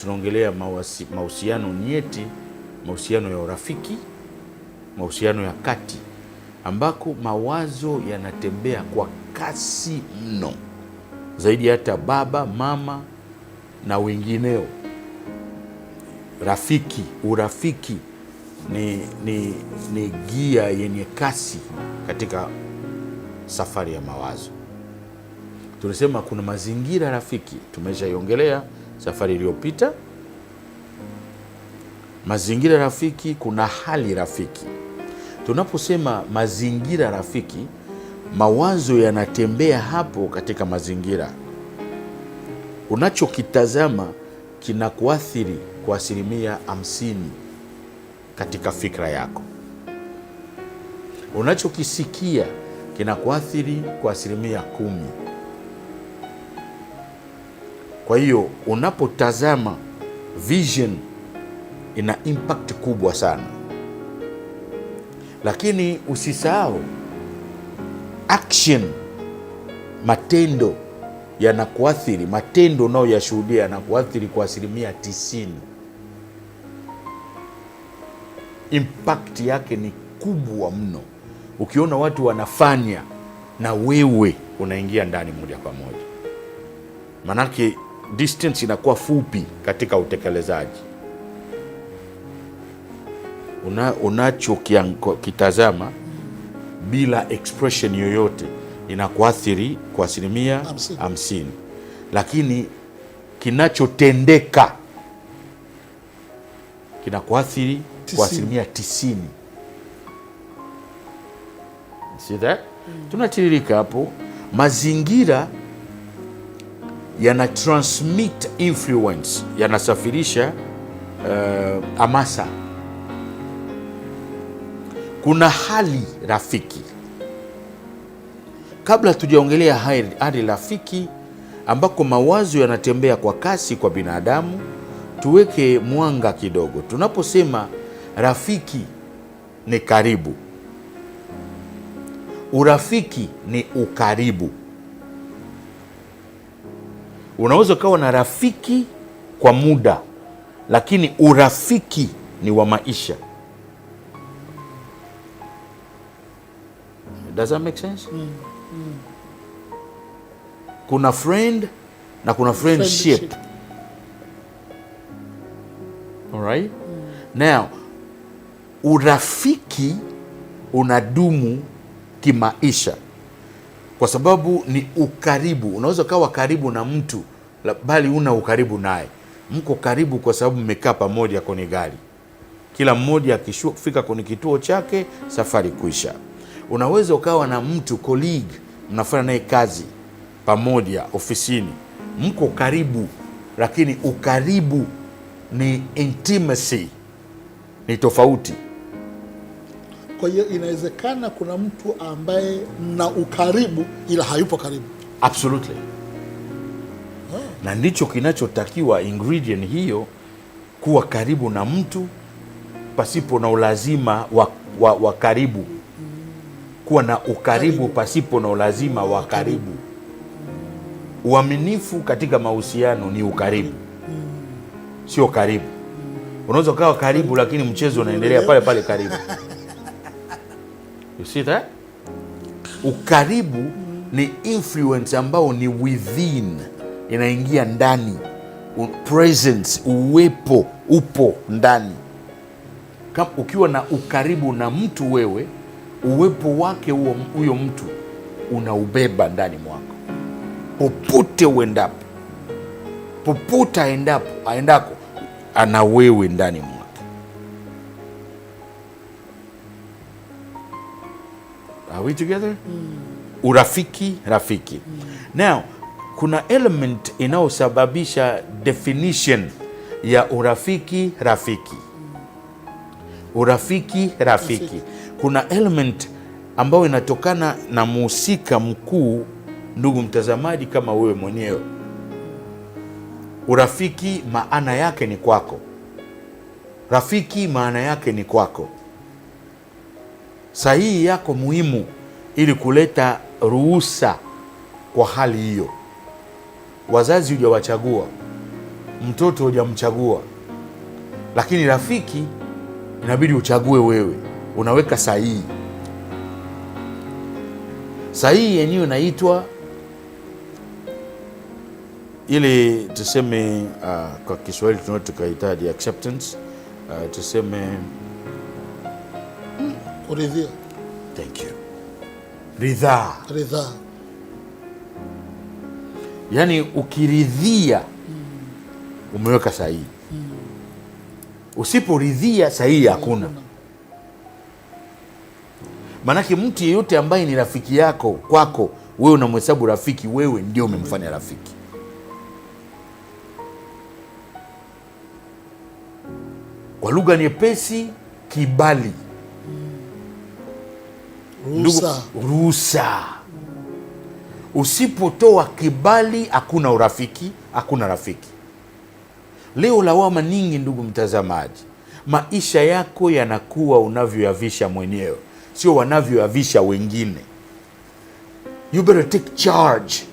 Tunaongelea mahusiano nyeti, mahusiano ya urafiki, mahusiano ya kati, ambako mawazo yanatembea kwa kasi mno zaidi hata baba mama na wengineo. Rafiki, urafiki ni, ni, ni gia yenye kasi katika safari ya mawazo. Tunasema kuna mazingira rafiki, tumeshaiongelea safari iliyopita. Mazingira rafiki, kuna hali rafiki. Tunaposema mazingira rafiki, mawazo yanatembea hapo katika mazingira. Unachokitazama kinakuathiri kwa asilimia hamsini katika fikra yako. Unachokisikia kinakuathiri kwa asilimia kumi. Kwa hiyo unapotazama vision ina impact kubwa sana, lakini usisahau action. Matendo yanakuathiri, matendo unayoyashuhudia yanakuathiri kwa asilimia tisini. Impact yake ni kubwa mno. Ukiona watu wanafanya na wewe unaingia ndani moja kwa moja, manake distance inakuwa fupi katika utekelezaji. Una, unachokitazama bila expression yoyote inakuathiri kwa asilimia hamsini, lakini kinachotendeka kinakuathiri kwa asilimia tisini. See that? Mm. Tunatiririka hapo mazingira yana transmit influence, yanasafirisha uh, amasa. kuna hali rafiki. Kabla tujaongelea hali rafiki ambako mawazo yanatembea kwa kasi kwa binadamu, tuweke mwanga kidogo. Tunaposema rafiki ni karibu, urafiki ni ukaribu. Unaweza ukawa na rafiki kwa muda, lakini urafiki ni wa maisha. Does that make sense? Mm. Mm. Kuna friend na kuna friendship, friendship. Mm. Now, urafiki unadumu kimaisha kwa sababu ni ukaribu. Unaweza ukawa karibu na mtu bali una ukaribu naye, mko karibu kwa sababu mmekaa pamoja kwenye gari, kila mmoja akifika kwenye kituo chake, safari kuisha. Unaweza ukawa na mtu colleague, mnafanya naye kazi pamoja ofisini, mko karibu, lakini ukaribu ni intimacy, ni tofauti. Kwa hiyo inawezekana kuna mtu ambaye mna ukaribu ila hayupo karibu. Absolutely. Yeah. Na ndicho kinachotakiwa ingredient hiyo kuwa karibu na mtu pasipo na ulazima wa, wa, wa karibu mm. kuwa na ukaribu pasipo na ulazima wa karibu. Uaminifu katika mahusiano ni ukaribu, mm. sio karibu. Mm. Unaweza ukawa karibu lakini mchezo unaendelea pale pale karibu. You see that? Ukaribu ni influence ambao ni within, inaingia ndani. Presence, uwepo, upo ndani. Kama ukiwa na ukaribu na mtu, wewe uwepo wake huyo mtu unaubeba ndani mwako, popote uendapo, popote aendapo, aendako ana wewe ndani mwako. Are we together? Mm. Urafiki rafiki. Mm. Now kuna element inayosababisha definition ya urafiki rafiki. Urafiki rafiki, kuna element ambayo inatokana na muhusika mkuu, ndugu mtazamaji, kama wewe mwenyewe. Urafiki maana yake ni kwako, rafiki maana yake ni kwako sahihi yako muhimu ili kuleta ruhusa kwa hali hiyo. Wazazi hujawachagua, mtoto hujamchagua, lakini rafiki inabidi uchague wewe, unaweka sahihi. Sahihi yenyewe inaitwa ili tuseme, uh, kwa Kiswahili tunao tukahitaji acceptance, uh, tuseme Uridhia. Thank you. Ridhaa. Ridhaa. Yaani ukiridhia mm. umeweka sahihi mm. usiporidhia sahihi hakuna. Maanake mtu yeyote ambaye ni rafiki yako kwako wewe unamhesabu rafiki, wewe ndio umemfanya rafiki. Kwa lugha nyepesi, kibali ruhusa, Usipotoa kibali hakuna urafiki, hakuna rafiki. Leo lawama nyingi, ndugu mtazamaji, maisha yako yanakuwa unavyoyavisha mwenyewe, sio wanavyoyavisha wengine. You better take charge